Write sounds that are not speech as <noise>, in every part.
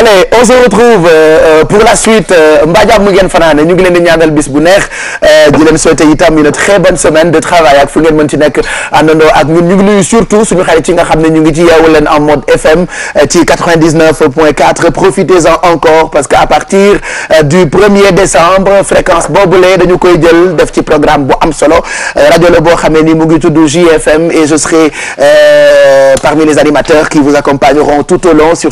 allez on se euh, euh, euh, ngeen fanaane ñu ngi leen di ñaanal bis bu neex di leen souhaiter itam une très de fu ngeen mën ci nekk àndandoo ak ñun ñu ngi nuyu nga xam ne ñu ngi ci Yeewu Leen en mode FM ci 99.4 profitez-en encore parce que à partir du 1er décembre fréquence boobule dañu koy jël def ci programme bu am solo rajo la boo xamee ni mu ngi tudd JFM et je serai parmi les animateurs qui vous accompagneront tout au long sur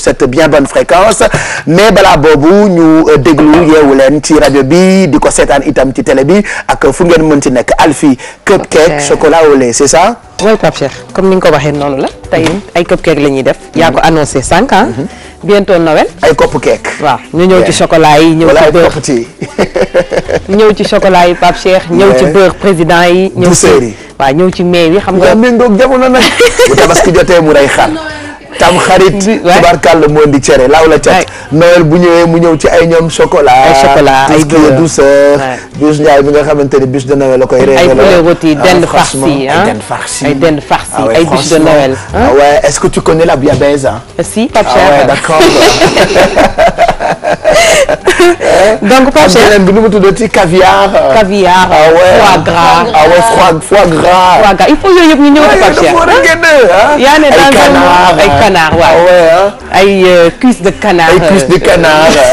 France mais balaa boobu ñu euh, déglu yeewu leen ci rajo bi di ko seetaan itam ci télé bi ak fu ngeen mën ci nekk Alphie cupcake chocolat au lait c'est ça. mooy Pape Cheikh comme ni nga ko waxee noonu la. tey mhm. ay cupcake la ñuy def. Mhm. yaa ko annoncé cinq ans. Ah. Mhm. bientôt Noël. ay cupcake. waaw ñu ñëw ci chocolat yi. ñëw ci beurre <laughs> ñëw ci chocolat yi Pape Cheikh. ñëw ci beurre président yi. ñëw ci douceur yi. waaw ñëw ci mais yi xam nga. waaw méngoog jamono nag. <laughs> bu tabaski jotee mu rey xar. tam xarit tubaarkàlla moo di cere laaw la cat Noël bu ñëwee mu ñëw ci ay ñoom chocolat ay chocolat ay douceur Youssou Ndiaye bi nga xamante ni bûche de Noël la koy. réew la ay rôti ah, dend farci ah dend farci ay dend farci ay bûche de Noël. ah ouais est-ce que tu connais la bouillabaisse euh, ah. si Pape Cheikh ah ouais d'accord. <laughs> <laughs> donc Pape Cheikh beneen bi nu mu tuddati caviar. caviar ah foie gras ah ouais foie foie gras. foie gras il faut yooyu yëpp ñu ñëw ci Pape Cheikh. yaa ne dans ay canard ah ay canard waaw. ay cuisse de canard ay cuisse de euh. canard. <laughs>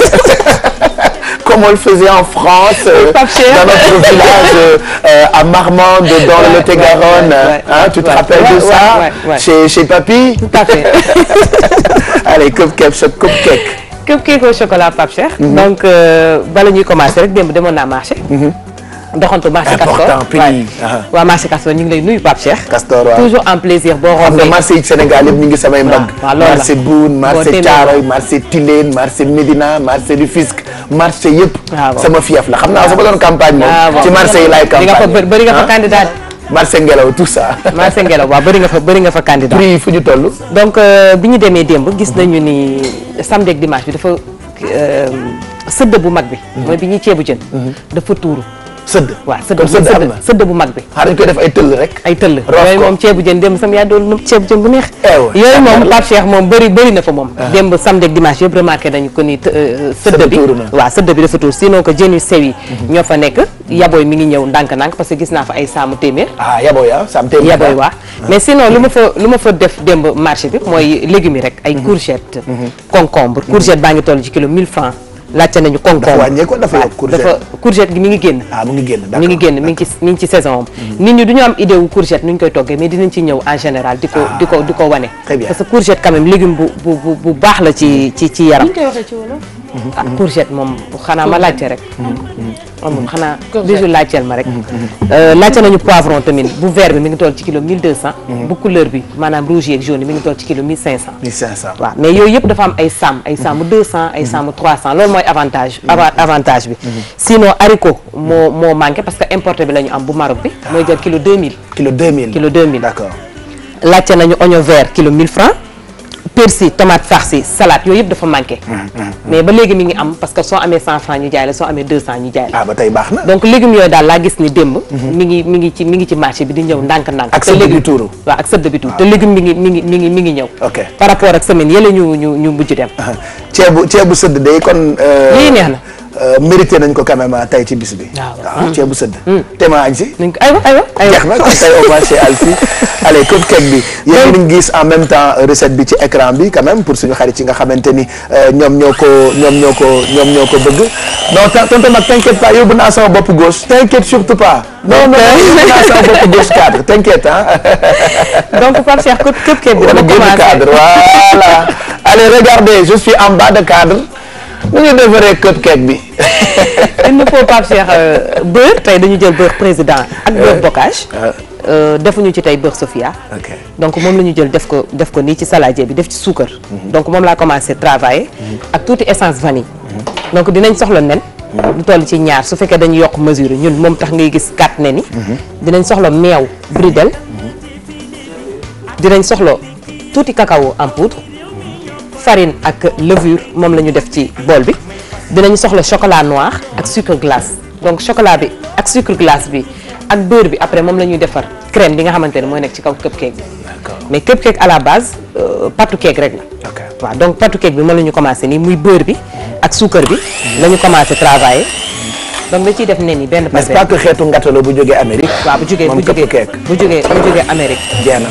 comme on le faisait en France euh, dans notre <laughs> village euh, euh, à Marmande dans ouais, le Lot-et-Garonne ouais, ouais, hein, tu te rappelles de ça chez chez Papy tout à fait <laughs> allez cupcake cupcake cupcake au chocolat Pape Cheikh mm -hmm. donc euh, bala ñuy commencer rek démb demoon naa marché mm-hmm. doxantu marché Castor waaw marché Castor ñu ngi lay nuyu Pape Cheikh. Castor waaw toujours en plaisir boo. rombee xam nga marché yi Sénégal yëpp ñu ngi samay mbagg. waaw loolu la marché Boune marché Thiaroye marché Tilène marché Médina marché Rufisque ah, sama fief la xam naa sama doon campagne moom. Ah, ci marché yi laay campagne nga bëri nga fa ah. candidat. marché ngelaw tout ça. marché ngelaw waaw bëri nga fa bëri nga fa candidat. prix fu ñu toll. donc euh, bi ñu demee démb gis nañu ni samedi ak dimanche bi dafa euh, sëdd bu mag bi. Mhm. mooy bi ñuy ceebu jën. Mhm. sëdd waaw sëdd sëdd bu mag bi xaa dañ koy def ay tëll rek ay tëll yooyu moom ceebu jën démb sam yaa doon ceebu jën bu neex eh yooyu moom Pape Cheikh moom bëri bëri na fa moom ah. démb samedi ak dimanche yëpp remarqué nañu ko ni euh, sëdd bi waaw sëdd bi dafa tuur sinon que jën yu sew yi mhm. ñoo fa nekk yabooy mi ngi ñëw ndànk-ndànk parce que gis naa fa ay saamu téeméer ah yabooy ah waa ah. mais sinon lu ma mhm. fa lu ma fa def démb marché bi mooy légumes yi rek ay mhm. courgette concombre courgette baa ngi toll ci kilo 1000 francs laajte nañu concombre dafa wàññeeku dafa yokk courgette dafa courgette gi mi ngi génn. ah mi ngi génn d'accord mi ngi génn mi ngi ci mi ngi ci saison am. Mhm. nit ñi du ñu am idée wu courgette nu ñu koy toggee mais dinañ ci ñëw en général. di ko ah. di ko di ko wane. très bien parce que courgette quand même légume bu bu bu baax la ci ci ci yaram. ni ñu koy waxee ci wolof. ak ah, courgette moom xanaa ma laajte rek. moom mm-hmm. xanaa toujours laajteel ma rek. Mm-hmm. Euh, laajte nañu poivron tamit bu vert bi mi ngi toll ci kilo mm-hmm. bu couleur bi maanaam rouge yeeg jaune yi ngi toll ci kilo mais yooyu yëpp dafa am ay sàmm ay sàmm 200 loolu mooy avantage bi. sinon haricot moo moo parce que importé bi la am bu Maroc bi. Ah. mooy jël kilo kilo kilo 2000 nañu oignon vert kilo 1000 francs. persil tomate farci salaat yooyu yëpp dafa manqué. Mm, mm, mm. mais ba léegi mi ngi am parce que soo amee 100 francs ñu jaay la soo amee 200 ñu jaay la. ah ba tey baax na. donc légumes yooyu daal laa gis ni démb. Mhm. mi ngi mi ngi ci mi ngi ci marché bi di ñëw ndànk-ndànk. ak sëb bi tuuru waaw ak sëb bi tuuru ah. te légume mi ngi mi ngi mi ngi mi ngi ñëw. ok par rapport ak semaine yële ñu ñu ñu mujj dem. <laughs> ceebu ceebu sëdd day kon. Euh, lii neex na. Euh, mérité nañ ko quand même euh, ci bis bi. waaw ah, hmm. ceebu sëdd. te maa añ si. nañ ko aywa aywa aywa jeex na kon tey au bi yéen ñu gis en même temps euh, recette bi ci écran bi quand même pour suñu xarit nga xamante ni ñoom ñoo ko ñoom ñoo ko ñoom ñoo ko bëgg. non tonton Mag t'inquiète pas yóbbu naa sama bopp gauche. t'inquiète surtout pas. non non yóbbu naa sama bopp gauche cadre t'inquiète ah. <laughs> donc Pape Cheikh cupcake bi dama commencé cadre voilà. allez regardez je suis en bas de cadre. nu ñu defaree cupcake bi. il ne faut pas faire euh, tey dañu jël beurre président ak beurre euh, bocage. Euh. defuñu ci tey beurre Sofia. donc moom la ñu jël def ko def ko nii ci saladier bi def ci suukar. Mhm. donc moom laa commencé travailler. Mhm. ak tuuti essence vanille. Mhm. donc dinañ soxla nen. lu toll ci ñaar su fekkee dañu yokk mesure ñun moom tax ngay gis quatre nen yi. dinañ soxla meew bridel. dinañ soxla tuuti cacao en poudre. farine ak levure moom la ñu def ci bool bi dinañ soxla chocolat noir ak sucre glace donc chocolat bi ak sucre glace bi ak beurre bi après moom la ñuy defar crème bi nga xamante ne mooy nekk ci kaw cupcake bi mais cupcake à la base euh, pâte cake rek la waaw donc pâte cake bi moom la ñu commencé nii muy beurre bi ak suukar bi la ñu commencé travailler donc da ciy def nen yi benn par benn. n'est-ce xeetu ngatalo bu jógee Amérique. waaw bu jógee bu jógee bu jógee bu jógee Amérique. jeex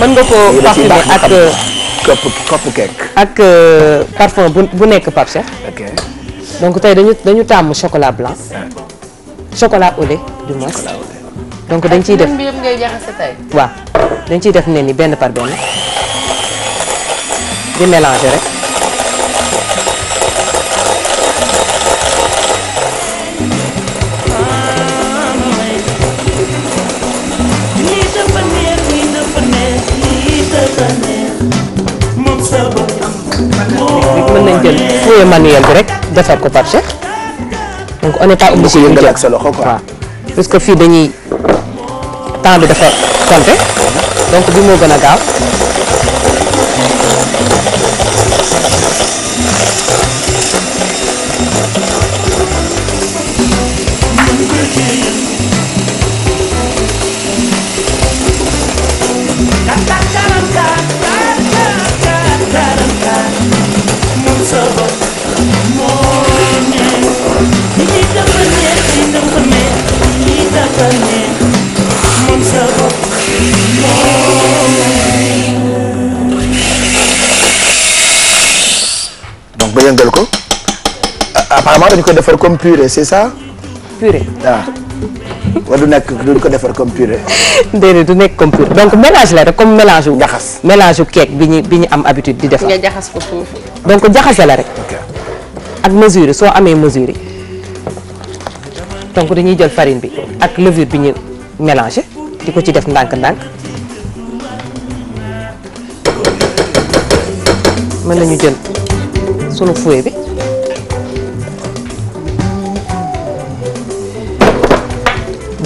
na mën nga ak. kopp kopp kekk. ak euh, parfum bu bu nekk Pape donc tey dañu dañu taamu chocolat blanc. Ah. chocolat au lait du moins. donc dañ ciy def ak dañ ciy def ne ni benn par benn di mélanger rek. jël fouet manuel bi rek defar ko par donc on n'est pas obligé ñu jël waaw puisque fii dañuy temps bi dafa compté donc bi moo gën a gaaw normalement dañu ko defar comme purée c'est ça. purée waaw. Ah. wala ko defar comme purée. du nekk comme purée donc rek comme mélange wu. jaxas mélange wu keek bi ñu bi ñu am habitude di defar. nga jaxas ko foofu. donc jaxase la rek. ak mesure soo amee mesure donc dañuy jël farine bi ak levure bi ñu mélangé di ko ci def ndànk-ndànk. mën nañu jël sunu fouet bi.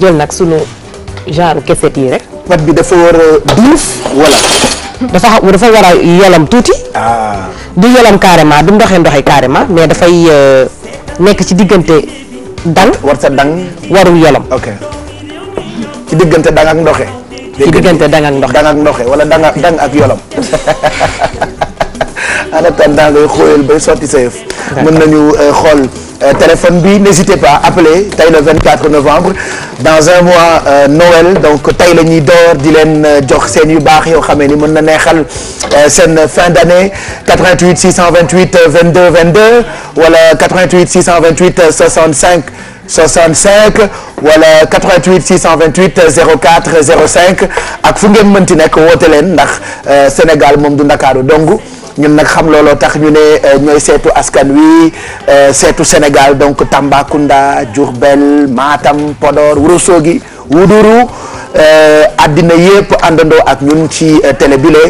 jël nag suñu genre keset yi rek. pat bi dafa war a duuf wala. dafa war a yelam tuuti. Ah. du yelam carrément du ndoxee ndoxee carrément mais dafay euh, nekk ci diggante dang. war sa dang. warul yelam. ci diggante dang ak ndoxe. ci diggante dang ak ndoxe. dang ak ndoxe wala dang ak yolam. <laughs> en attendant ngay xóoyal bay sotti sa yëf xool euh, téléphone bi n'hésitez pas appeler tey le 24 novembre dans un mois euh, donc tey la ñuy door di leen euh, jox seen yu baax yoo xamee ni mën na neexal euh, seen fin d'année 88 628 22 22 wala 88 628 65 65 wala 88 628 04 05 ak fu ngeen mënti nekk woote leen ndax Sénégal moom du Ndakaaru dong ñu nag xam looloo tax ñu ne euh, ñooy seetu askan wi euh, seetu Sénégal donc Tambacounda Diourbel Matam Podor Ourossogui Wuduru euh, àddina yëpp àndandoo ak ñun ci télé bile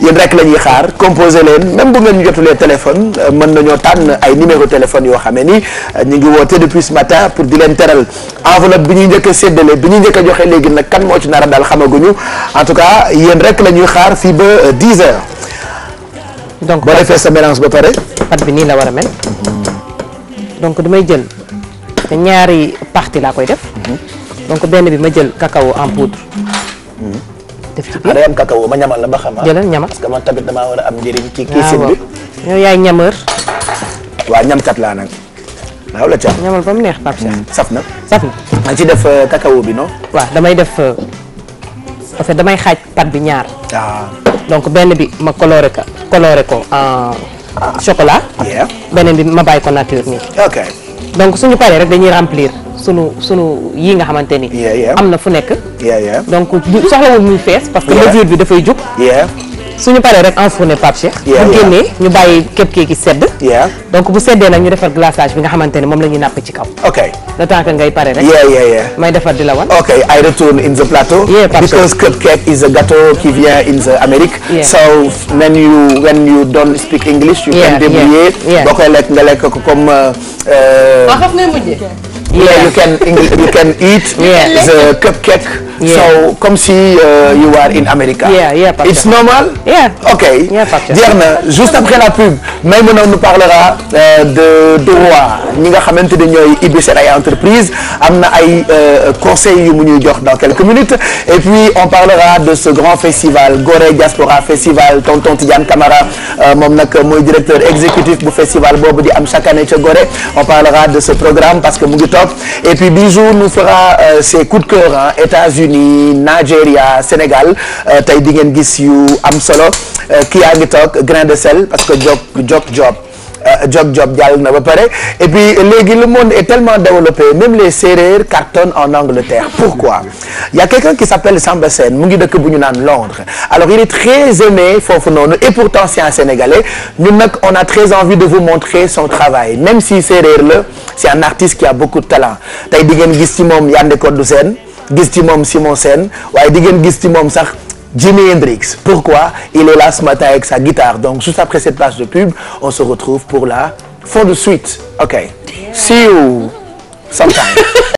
yéen rek la ñuy xaar composé leen même bu ngeen ñu jotulee téléphone mën nañoo tànn ay numéro téléphone yoo xamee ni ñu ngi woote depuis ce matin pour di leen teral enveloppe bi ñuy njëkk a bi ñuy njëkk a joxe léegi nag kan moo ci nara a daal xamaguñu en tout cas yéen rek la ñuy xaar fii ba 10 donc boo defee sa mélange ba pare. pat bi nii la war a mel. donc damay jël te ñaari partie laa koy def. donc benn bi ma jël cacao en poudre. def ci biir am cacao ma ñamal la ba xam ah. jëlal ñamal parce que man tamit damaa war a am njëriñ. ci kiisin ah, bi yow yaay ñameur. waaw ñamkat laa nag. waaw la ca ñamal ba mu neex Pape Cheikh. Hmm, saf na saf na. maa ngi def euh, cacao bi non. waaw damay def. Euh, parce que damay xaaj pat bi ñaar. Ah. donc benn bi ma coloré ko coloré ko en chocolat. beneen bi ma bàyyi ko nature nii. donc suñu paree rek dañuy remplir sunu sunu yii nga xamante ni. am na fu nekk. donc soxlawul muy fees. parce que mesure bi dafay jug. suñu paree rek enfourné Pape Cheikh bu génnee ñu bàyyi képp kii ki sedd donc bu seddee nag ñu defar glaçage bi nga xamante ne moom la ñuy nàpp ci kaw ok le temps que ngay pare rek yeah yeah yeah may defar di la wan ok I return in the plateau yeah Pape Cheikh because cupcake is a gâteau qui vient in the America yeah. so when you when you don't speak English you yeah, can débrouiller yeah, boo koy lekk nga lekk ko comme waa xam nga mujjee yeah you can <laughs> you can eat the cupcake Yeah. So comme si uh, you are in America. Yeah, yeah, normal? OK. Yeah, juste après la pub Maïmouna nous parlera uh, de droit ñi nga xamante ne ñooy ubbi seen entreprise am na ay uh, conseils yu mu ñuy jox dans quelques minutes et puis parlera de ce grand festival Gorée Diaspora Festival tonton Tidiane Camara euh, moom nag directeur exécutif bu festival boobu di am chaque année ca Gorée on parlera de ce programme parce que mu et puis fera uh, ses coups de cœur en unis États-Unis Nigeria Sénégal euh, tey di ngeen gis yu am solo euh, kii yaa ngi toog grain de sel parce que jok jok job euh, jog job jàll na ba pare et puis léegi le monde est tellement développé même les Sérères cartonnent en Angleterre pourquoi il y a quelqu'un qui s'appelle Samba Sène mu ngi dëkk bu ñu naan Londres alors il est très aimé foofu noonu et pourtant c'est un Sénégalais ñun nag on a très envie de vous montrer son travail même si Sérère la c'est un artiste qui a beaucoup de talent tey di ngeen gis ci moom Yandé Codou Sène gis ci moom Simon Sen waaye di ngeen gis ci moom sax Jimi Hendrix pourquoi il est là ce matin avec sa guitare donc juste après cette page de pub on se retrouve pour la fin de suite ok see you sometime <laughs>